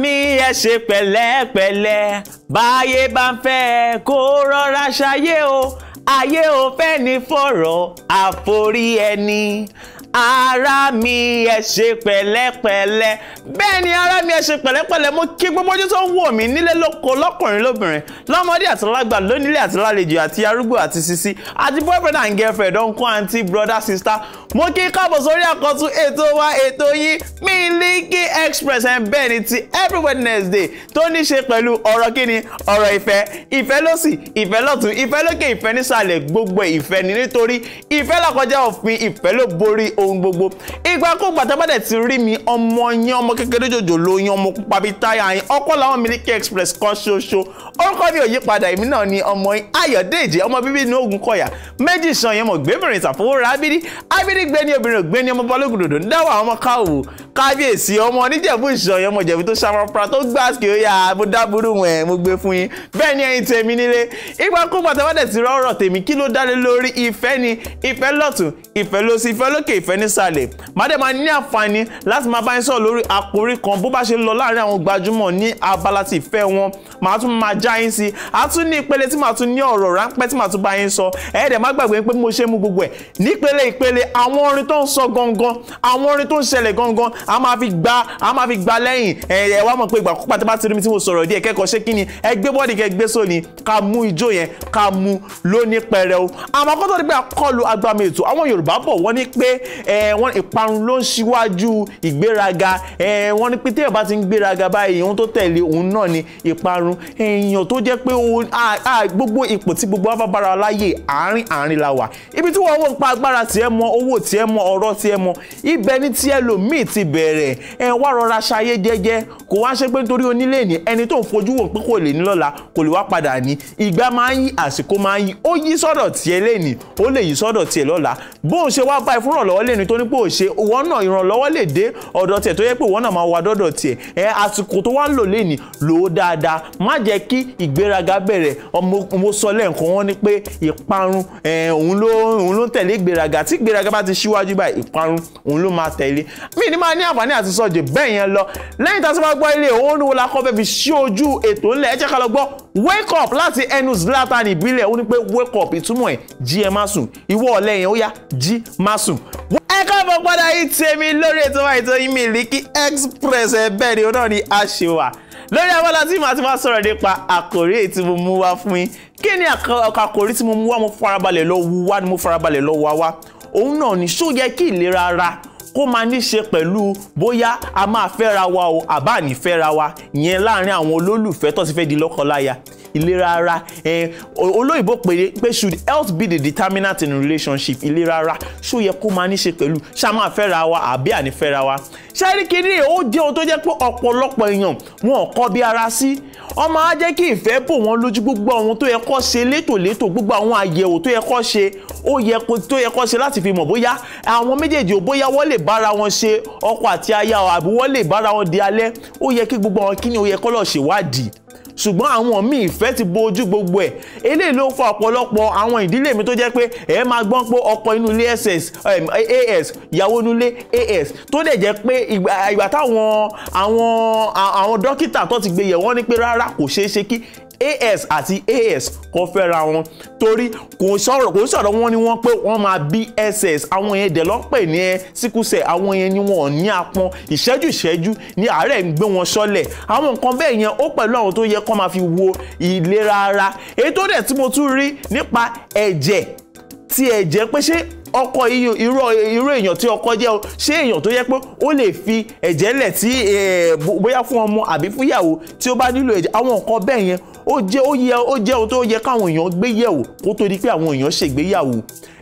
mi ẹ ṣe pẹ̀lẹ́pẹ̀lẹ́ báyé bá ń fẹ́ kó rọra ṣayé o ayé ò fẹ́ ní fọ̀rọ̀ àforí ẹni ara mi ẹ ṣe pẹ̀lẹ́pẹ̀lẹ́ bẹ́ẹ̀ ni ara mi ẹ ṣe pẹ̀lẹ́pẹ̀lẹ́ mo kí gbogbo ojú tó ń wò mí nílé lóko lọ́kùnrin lóbìnrin lọ́mọdé àti lágbà lónílé àti lálejò àti arúgbó àti sisi àti boyfriend and girlfriend uncle aunty brother sister mo kí káàbọ̀ sórí àkọ́tún ètò wa ètò yìí Miliki Express ẹ̀ bẹ́ẹ̀ ni ti every Wednesday tó ní ṣe pẹ̀lú ọ̀rọ̀ kíni ọ̀rọ̀ ìfẹ́ ìfẹ́ lọ́sì ìfẹ́ lọ́tún ìfẹ́ lókè ìfẹ́ nísàlẹ̀ gbogbo ìfẹ́ ni nítorí ìfẹ́ làkọjá òfin ìfẹ́ ló borí ohun gbogbo ìgbàkúgbà tẹ́ bá ti rí mi ọmọ yín ọmọ kékeré jòjò ló ọmọ pupa táyà yín ọkọ làwọn Miliki Express kan ṣoṣo orúkọ mi ò yí padà èmi náà ni ọmọ yín Ayọ̀dèjì ọmọ bíbí inú Ògùnkọ̀yà méjì sàn yẹn mọ̀ gbẹ́mìrín ìsàfowórà abídí abídí gbé ní obìnrin ògbé ní ọmọ balógun dòdò ń dáwọ̀ àwọn ọmọ káwò kábíyèsí ọmọ oníjẹ̀bú ìṣàn yẹn mọ̀ jẹ̀bú tó ṣàmọ́pra tó gbàsíkì ó yà mo dábúrú wọn mo gbé fún yín bẹ́ẹ̀ ni ẹ̀yin tèmi nílé ìgbàkúgbà tẹ́ bá dẹ̀ ti rọ́ọ̀rọ̀ tèmi kí ló dá lórí ìfẹ́ ni ìfẹ́ lọ́tún ìfẹ́ lósì ìfẹ́ lókè ìfẹ́ ọ̀fẹ́ nísàlẹ̀ má dẹ̀ máa ní àǹfààní láti máa bá yín sọ̀rọ̀ lórí àkòrí kan bó bá ṣe lọ láàrin àwọn gbajúmọ̀ ní abala ti ìfẹ́ wọn màá tún máa já yín sí a tún ní ìpele tí màá tún ní ọ̀rọ̀ ráńpẹ́ tí màá tún bá yín sọ ẹ má gbàgbé pé mo ṣe mú gbogbo ẹ̀ nípele ìpele àwọn orin tó ń sọ gangan àwọn orin tó ń ṣẹlẹ̀ gangan a máa fi gba a máa fi gba lẹ́yìn ẹ wá mọ̀ pé ìgbà kópa tí bá ti rí mi tí mo sọ̀rọ̀ díẹ̀ kẹ́kọ̀ọ́ ṣé kí ni ẹ gbé bọ́ọ̀dì kẹ́ gbé sóni ká mú ijó yẹn ká mú lóní pẹrẹ o àmọ́ kó tó pé àkọlù agbami àwọn Yorùbá bọ̀ wọ́n ní pé Eh, wọ́n ìparun ló ń ṣíwájú ìgbéraga eh, wọ́n ní pété ọba ti ń gbéraga báyìí ohun tó tẹ̀lé òun náà ni ìparun èèyàn tó jẹ́ pé gbogbo ipò tí gbogbo wa bá bára láyè àárín àárín la wà ibi tí wọ́n wò ń pa agbára tiẹ̀ mọ owó tiẹ̀ mọ ọ̀rọ̀ tiẹ̀ mọ ibẹ̀ ni tiẹ̀ lòmíì ti bẹ̀rẹ̀ ẹ eh, wá rọra ṣayé jẹ́jẹ́ kò wá ṣe pé nítorí onílé ní ẹni tó ń fojú wò pé kò lè ní lọ́la kò lè wá padà ní ìgbà máa ń yí àsìkò máa ń yí ó yí sọ́dọ̀ tiẹ̀ lẹ́nìí lẹ́nu tó ní pé ò ṣe ìwọ náà ìrànlọ́wọ́ lè dé ọ̀dọ̀ tiẹ̀ tó yẹ pé ìwọ náà máa wà dọ́dọ̀ tiẹ̀ ẹ àsìkò tó wá ń lò lẹ́nìí lò ó dáadáa má jẹ́ kí ìgbéraga bẹ̀rẹ̀ mo sọ lẹ́ǹkan wọn ni pé ìparun òun ló òun ló ń tẹ̀lé ìgbéraga tí ìgbéraga bá ti ṣíwájú báyìí ìparun òun ló máa tẹ̀lé mí ní máa ní àǹfààní àti sọ̀jẹ̀ bẹ́ẹ̀ yẹn lọ lẹ́yìn tá a ti máa gbọ́ ilé òun ni la kọ́ fẹ́ fi ṣí ojú wake up láti ẹnu Zlatan ìbílẹ̀ ó ní pé wake up ìtumọ̀ ẹ̀ jí ẹ má sùn ìwọ ọ̀lẹ yẹn ó yá jí má sùn. ẹ káàbọ̀ padà yìí tèmi lórí ètò wa ètò yìí Express ẹ bẹ́ẹ̀ ni ó náà ni a ṣe wà lórí abala tí màá ti máa sọ̀rọ̀ nípa àkòrí èyí tí mo mú wá fún yín kí ni àkòrí tí mo mú wá mo farabalẹ̀ lọ wá ni mo farabalẹ̀ lọ wá wá òun náà ni ṣó yẹ kí ìlera ara kó máa ní ṣe pẹ̀lú bóyá a máa fẹ́ra wa o àbá àní fẹ́ra wa yẹn láàrin àwọn olólùfẹ́ tó ti fẹ́ di lọ́kọláya ìlera ara olóyìnbó pé should health be the determinant in relationship ìlera ara ṣó yẹ kó máa ní ṣe pẹ̀lú ṣá máa fẹ́ra wa àbí àní fẹ́ra wa ṣáríkì ní ó jẹ́ ohun tó jẹ́ pé ọ̀pọ̀lọpọ̀ èèyàn wọn ò kọ́ bí ara sí ọmọ á jẹ́ kí ìfẹ́ bò wọ́n lójú gbogbo ohun tó yẹ kó ṣe létòlétò gbogbo àwọn àyẹ̀wò tó yẹ kó ṣe ó yẹ tó yẹ kó ṣe láti fi mọ̀ bóyá àwọn méjèèjì ò bóyá wọ́n lè bára wọn ṣe ọkọ àti aya àbí wọ́n lè bára wọn di alẹ́ ó yẹ kí gbogbo àwọn kíni ó yẹ kó lọ ṣèwádìí ṣùgbọ́n àwọn míì ìfẹ́ ti bo ojú gbogbo ẹ̀ eléyìí ló fa ọ̀pọ̀lọpọ̀ àwọn ìdílé mi tó jẹ́ pé ẹ máa gbọ́n pé ọkọ inú ilé ss as ìyàwó inú ilé as tó dẹ̀ jẹ́ pé ìgbà táwọn àwọn àwọn dókítà tó ti gbé yẹ̀ wọ́n ní pé rárá kò ṣeé ṣe kí as àti as kò fẹ́ra wọn torí kò sọ̀rọ̀ kò sọ̀rọ̀ wọn ni wọ́n pé wọ́n máa bí ss àwọn yẹn dẹ̀ lọ́pẹ̀ ní ẹ síkúsẹ̀ àwọn yẹn ni wọn ò ní apọn ìṣẹ́jú ìṣẹ́jú ní àárẹ̀ ń gbé wọn sọ́lẹ̀ àwọn nǹkan bẹ́ẹ̀ yẹn ó pẹ̀lú àwọn tó yẹ kó máa fi wo ìlera ara èyí tó dẹ̀ tí mo tún rí nípa ẹ̀jẹ̀ tí ẹ̀jẹ̀ pé ṣé ọkọ irú èèyàn tí ọkọ jẹ́ o ṣé èèyàn tó yẹ pé ó lè fi ẹ̀jẹ̀ lẹ̀ tí bóyá fún ọmọ àbí fún ìyàwó tí ó bá nílò ẹ̀jẹ̀ àwọn nǹkan bẹ́ẹ̀ yẹn ó jẹ́ ó yẹ ó jẹ́ ohun tó yẹ káwọn èèyàn gbé yẹ̀wò kó tó di pé àwọn èèyàn ṣègbéyàwó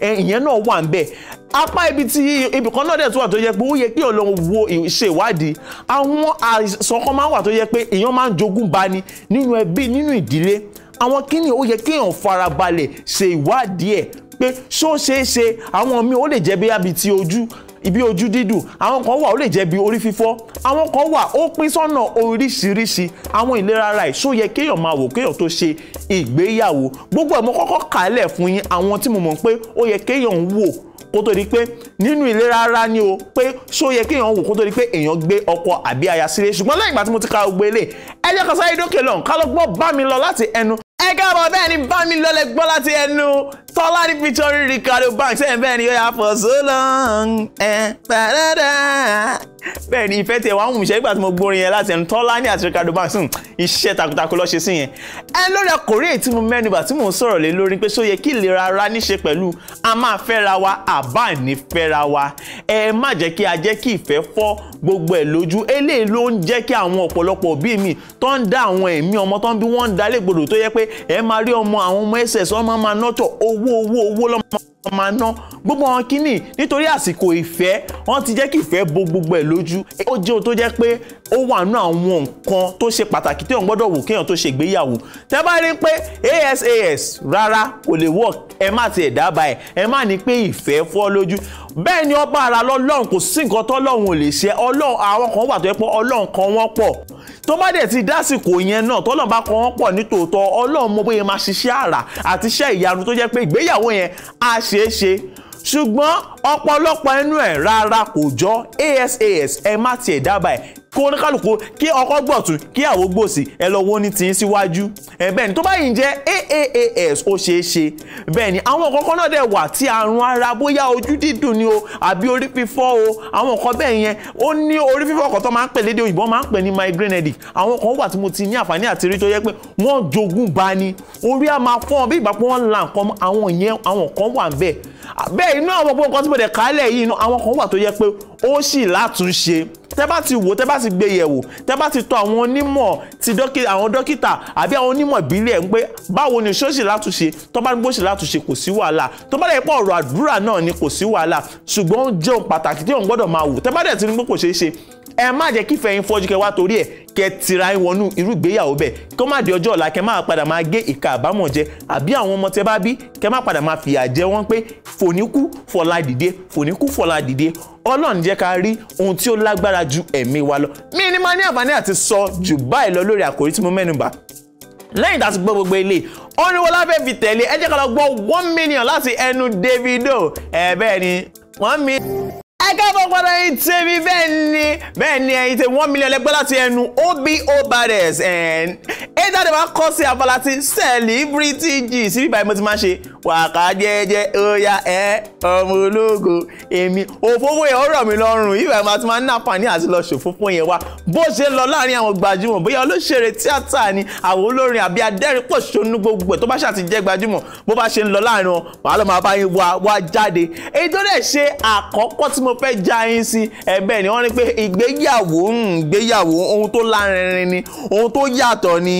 ìyẹn náà wà ń bẹ̀ apá ibi tí ibì kan náà dẹ̀ tó wà tó yẹ pé ó yẹ kí ọlọ́run wo ṣèwádìí àwọn àìsàn kan máa wà tó yẹ pé èèyàn máa ń jogún bá ni nínú ẹbí nínú ìdílé àwọn kíni ó yẹ kéèyàn farabalẹ̀ ṣe ìwádìí ẹ̀ pé ṣó ṣeé ṣe àwọn míì ó lè jẹ́ bí àbí ti ojú ibi ojú dídùn àwọn kan wà ó lè jẹ́ bí orí fífọ́ àwọn kan wà ó pín sọ́nà oríṣiríṣi àwọn ìlera ara ẹ̀ ṣó yẹ kéèyàn máa wò kéèyàn tó ṣe ìgbéyàwó gbogbo ẹ̀ mo kọ́kọ́ kàálẹ̀ fún yín àwọn tí mo mọ̀ pé ó yẹ kéèyàn ń wò kó tó di pé nínú ìlera ara ni o pé ṣó yẹ kéèyàn wò kó tó di pé èèyàn gbé ọkọ àbí aya sílé ṣùgbọ́n lẹ́yìn ìgbà tí mo ti ka gbogbo ilé ẹ jẹ́ kan sáré dókè lọ́n ká ló gbọ́ bá mi lọ láti ẹnu ẹ káàbọ̀ bẹ́ẹ̀ ni bá mi lọ lẹ gbọ́ láti ẹnu Tọ́lá ní featuring Ricardo Banks ẹ̀ bẹ́ẹ̀ ni ó yà for so long ẹ̀ pàdádá. bẹ́ẹ̀ ni ìfẹ́ tiẹ̀ wá ń wùṣẹ́ nígbà tí mo gbórin yẹn láti ẹnu Tọ́lá ní àti Ricardo Banks hmm, iṣẹ́ takuntakun ló ṣe sí yẹn. ẹ lórí ọkùnrin èyí tí mo mẹ́nubà tí mò ń sọ̀rọ̀ lé lórí pé ṣó kí ìlera ara níṣe pẹ̀lú a máa fẹ́ra wa àbá ní fẹ́ra wa ẹ má jẹ́ kí a jẹ́ kí ìfẹ́ fọ́ gbogbo ẹ̀ lójú eléyìí ló ń jẹ́ kí àwọn ọ̀pọ̀lọpọ̀ òbí mi tó ń dá àwọn ẹ̀mí ọmọ tó ń bí wọ́n ń dalé gbòdò tó yẹ pé ẹ máa rí ọmọ àwọn ọmọ ẹsẹ̀ sọ́mọ́ máa nọ́tọ̀ owó owó owó owó lọ́mọ máa ná gbogbo wọn kínní nítorí àsìkò ìfẹ́ wọn ti jẹ́ kí ìfẹ́ bo gbogbo ẹ̀ lójú ó jẹ́ ohun tó jẹ́ pé ó wà nú àwọn nǹkan tó ṣe pàtàkì téèyàn gbọ́dọ̀ wò kéèyàn tó ṣe ìgbéyàwó tẹ́ bá rí pé asas rárá kò lè work ẹ má tiẹ̀ dábàá ẹ̀ ẹ má ní pé ìfẹ́ fọ́ lójú bẹ́ẹ̀ ni ọba ara lọ́lọ́run kò sí nǹkan tọ́lọ́run ò lè ṣe ọlọ́run àwọn kan wà tó yẹ pé ọlọ́run kan wọ́n pọ̀ tó bá dẹ̀ ti dásìkò yẹn náà tọ́lọ́n bá kọ́ wọ́n pọ̀ nítòótọ́ ọlọ́run mọ̀ bóyá máa ṣiṣẹ́ àrà àti iṣẹ́ ìyanu tó jẹ́ pé ìgbéyàwó yẹn á ṣeé ṣe ṣùgbọ́n ọ̀pọ̀lọpọ̀ ẹnu ẹ̀ rárá kò jọ asas ẹ má tiẹ̀ dábàá ẹ̀ kó oníkálùkù kí ọkọ gbọ̀tún kí àwo gbòsì ẹ lọ wo ní tìyín síwájú ẹ bẹ́ẹ̀ ni tó bá yìí jẹ́ aaas ó ṣeé ṣe bẹ́ẹ̀ ni àwọn kọ̀ọ̀kan náà dẹ̀ wà tí àrùn ara bóyá ojú dídùn ni o àbí orí fífọ́ o àwọn nǹkan bẹ́ẹ̀ yẹn ó ní orí fífọ́ kan tó máa ń pè lédè òyìnbó máa ń pè ní migraine headache àwọn kan wà tí mo ti ní àǹfààní àti rí tó yẹ pé wọ́n jogún bá ni orí á máa fọ́n bí ìgbà pé wọ́n la nǹkan àwọn yẹn àwọn kan wà bẹ́ẹ̀ bẹ́ẹ̀ inú àwọn gbogbo nǹkan tí mo dẹ̀ kálẹ̀ yìí inú àwọn kan wà tó yẹ pé ó sì látúnṣe tẹ́ bá ti wò tẹ́ bá ti gbé yẹ̀wò tẹ́ bá ti tọ àwọn onímọ̀ ti dókítà àwọn dókítà àbí àwọn onímọ̀ ìbílẹ̀ ń pé báwo ni ṣóṣì látúnṣe tó bá ní bó ṣe látúnṣe kò sí wàhálà tó bá dẹ̀ pọ̀ ọ̀rọ̀ àdúrà náà ni kò sí wàhálà ṣùgbọ́n jẹun pàtàkì tí òun gbọ́dọ̀ máa wò tẹ́ bá dẹ̀ ti ní pé kò ṣeé ṣe ẹ má jẹ́ kí fẹ̀yìn fọ́jú kẹ wá torí ẹ̀ kẹ tira wọnú irú ìgbéyàwó bẹ́ẹ̀ kó má di ọjọ́ ọ̀la kẹ má padà máa gé ìka àbámọ̀ jẹ àbí àwọn ọmọ tẹ bá bí kẹ má padà máa fìyà jẹ wọ́n pé fòníkú fọlá dìde fòníkú fọlá dìde ọlọ́run jẹ́ ká rí ohun tí ó lágbára ju ẹ̀mí wa lọ mí ni mo ní àǹfààní àti sọ jù báyìí lọ lórí àkòrí tí mo mẹ́nubà lẹ́yìn tá a ti gbọ́ gbogbo ilé ọ̀nìwọlá fẹ́ fi tẹ̀lé ẹ jẹ́ ká lọ gbọ́ one million láti ẹnu Davido ẹ̀ bẹ́ẹ̀ ni one million akẹ́kọ̀ọ́ padà yín tèmi bẹ́ẹ̀ ni bẹ́ẹ̀ ni ẹ̀yin tèmi one million lẹ́gbẹ́ láti ẹnu OBO Baddest èyí tá a lè máa kọ́ sí abala ti celebrity G síbí báyìí mo ti máa ṣe wàkà jẹ́jẹ́ oya ẹ ọmọ ológo èmi òfófó yẹn ó rọ̀ mí lọ́rùn yìí báyìí mo ti máa ń nàfààní àti lọ ṣòfófó yẹn wá bó ṣe ń lọ láàrin àwọn gbajúmọ̀ bóyá olóṣèré tíátà ni àwọn olórin àbí adẹ́rìnpọ̀ṣónú gbogbo ẹ̀ tó bá ṣàti jẹ́ gbajúmọ̀ bó bá ṣe ń lọ láàrin wọn wàá lọ máa bá yín wá wá jáde èyí tó fẹ́ já yín sí ẹ̀bẹ̀ ni wọ́n ní pé ìgbéyàwó hmm, ìgbéyàwó ohun tó lárinrin ni ohun tó yàtọ̀ ni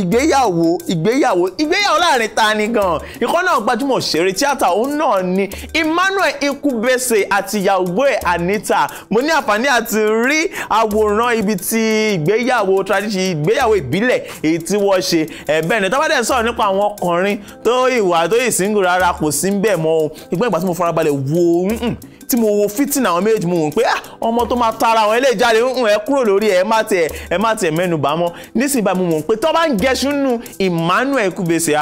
ìgbéyàwó ìgbéyàwó ìgbéyàwó láàrin ta ni gan ìkan náà gbajúmọ̀ ṣeré tíátà òun náà ni Emmanuel Ikubese àti ìyàwó ẹ̀ Anita mo ní àǹfààní àti rí àwòrán ibi tí ìgbéyàwó tradition ìgbéyàwó ìbílẹ̀ èyí tí wọ́n ṣe ẹ̀bẹ̀ ni tábàdẹ̀ sọ̀rọ̀ nípa àwọn ọkùnrin tó ìwà tó ìsíngùn rárá kò sí wo hmm, hmm, tí wo fit meeting àwọn méjì mú un pé ah, ọmọ tó máa tara àwọn eléyìí jáde ń ẹ kúrò lórí ẹ má tiẹ̀ ẹ má tiẹ̀ mẹ́nu bá mọ́ nísìnyí bá mú un pé tó bá ń gẹṣu nù Emmanuel Kubese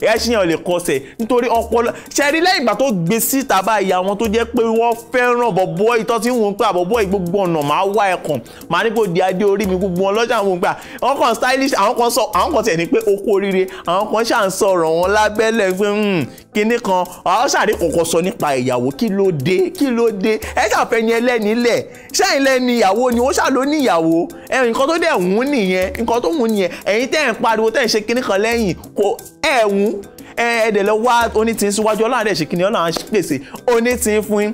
ẹṣin yẹn ò lè kọsẹ̀ nítorí ọpọlọ ṣẹ̀rí lẹ́yìn ìgbà tó gbé síta báyìí àwọn tó jẹ́ pé wọ́n fẹ́ràn bọ̀bọ́ ìtọ́ tí ń wò ó pé àbọ̀bọ́ ìgbógbó ọ̀nà máa wá ẹ̀kàn máa ní kó di adé orí mi gbogbo wọn lọ́jà àwọn gbà àwọn kan stylish àwọn kan sọ àwọn kan tiẹ̀ ní pé okó oríire àwọn kan ṣà ń wọn lábẹ́lẹ̀ pé hmm, kinní kan àwọn ṣàrí sọ nípa ìyàwó kí ló dé kí ló dé ẹ ṣàfẹ́ ni ẹlẹ́ni lẹ̀ ṣẹ́yìn lẹ́ni ìyàwó ni ó ṣàló ní ìyàwó ẹ nǹkan tó dẹ̀ wùn nìyẹn nǹkan tó wùn nìyẹn ẹ̀yin tẹ́ ẹ̀ ń pariwo tẹ́ ẹ̀ ń ṣe kinní kan lẹ́yìn kò ẹ̀ wùn ẹ̀ ẹ̀ dẹ̀ lọ wá onítìín síwájú ọlọ́run dẹ̀ ṣe kinní ọlọ́run pèsè onítìín fún yín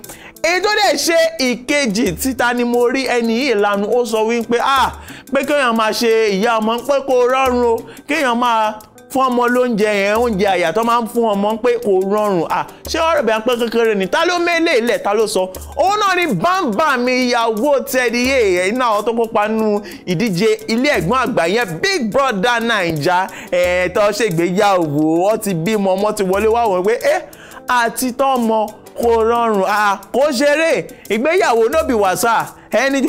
èyí tó dẹ̀ ṣe ìkejì títa ni mo rí ẹni yìí lanu ó sọ wípé ah pé kéèyàn máa ṣe ìyá ọmọ pé kó rọrùn o kéèyàn máa fún ọmọ lóúnjẹ yẹn oúnjẹ àyà tó máa ń fún ọmọ pé kò rọrùn à ṣé ọ̀rọ̀ bẹ́ẹ̀ pé kékeré ni ta ló mélé ilẹ̀ ta ló sọ òun náà ni bámbà mi ìyàwó Teddy A ẹ̀yin náà kópa nínú ìdíje ilé ẹ̀gbọ́n àgbà yẹn Big Brother Naija ẹ̀ẹ́tọ́ ṣègbéyàwó wọ́n bímọ ọmọ ti wọlé wá wọ́n pé ẹ́ àti tọ́ kò rọrùn kò ṣeré ìgbéyàwó nóbì wàsà ẹni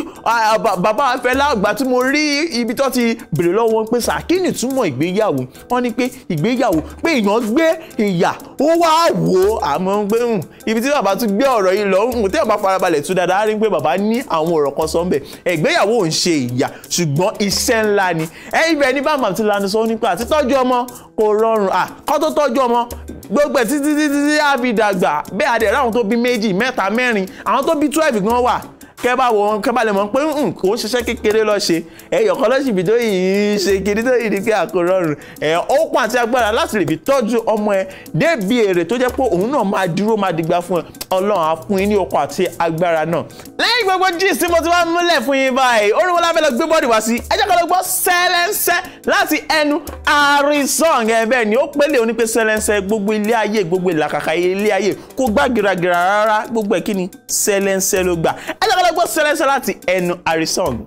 bàbá Fẹlá Àgbà tí mo rí ibi tó ti bèrè lọ́wọ́ wọn pé sà kí ni túmọ̀ ìgbéyàwó wọ́n ní pé ìgbéyàwó pé èèyàn gbé ìyà ó wá wò ó àmọ́ ń gbé hùn hmm, ibi tí bàbá tún gbé ọ̀rọ̀ yìí lọ hùn hmm, tí bàbá farabalẹ̀ tún dáadáa rí pé bàbá ní àwọn ọ̀rọ̀ kan sọ ńbẹ̀ ìgbéyàwó ò ń ṣe ìyà ṣùgbọ́n iṣẹ́ ńlá ni ẹ ibẹ̀ ní bàbá ti lanu sọ nípa àtitọ́jú ọmọ kò rọrùn à kọ́ tó tọ́jú ọmọ gbogbo ẹ̀ títí títí tí a fi dàgbà bẹ́ẹ̀ adẹ̀rẹ́ àwọn tó bí méjì mẹ́ta mẹ́rin àwọn tó bí twelve gan wà kẹ́ bá wọ wọn kẹ́ bá lè mọ̀ pé n hmm, kò ń ṣiṣẹ́ kékeré lọ ṣe ẹyọ kan lọ́sibí tó yìí ṣe kiri tó yìí ni pé àkórọrùn ẹ okun àti agbára láti lè fi tọ́jú ọmọ ẹ débi èrè tó jẹ́ pé òun náà máa dúró máa dìgbà fún ẹ ọlọ́run á fún yín ní okun àti agbára náà lẹ́yìn gbogbo gist tí mo ti wá múlẹ̀ fún yín báyìí orin wọn lábẹ́ lọ gbé bọ́ọ̀dì wá sí ẹ jẹ́ ká lọ gbọ́ sẹ́lẹ́nsẹ́ láti ẹnu àrísàn ẹ bẹ́ẹ̀ ni ó pélé oní pé sẹ́lẹ́nsẹ́ gbogbo ilé ayé gbogbo ìlàkàkà ilé ayé kò gbá gìràgìrà rárá gbogbo ẹ̀ sẹ́lẹ́nsẹ́ ló gbà ẹ jẹ́ ká gbọ́ sẹ́lẹ́nsẹ́ láti ẹnu àrísàn.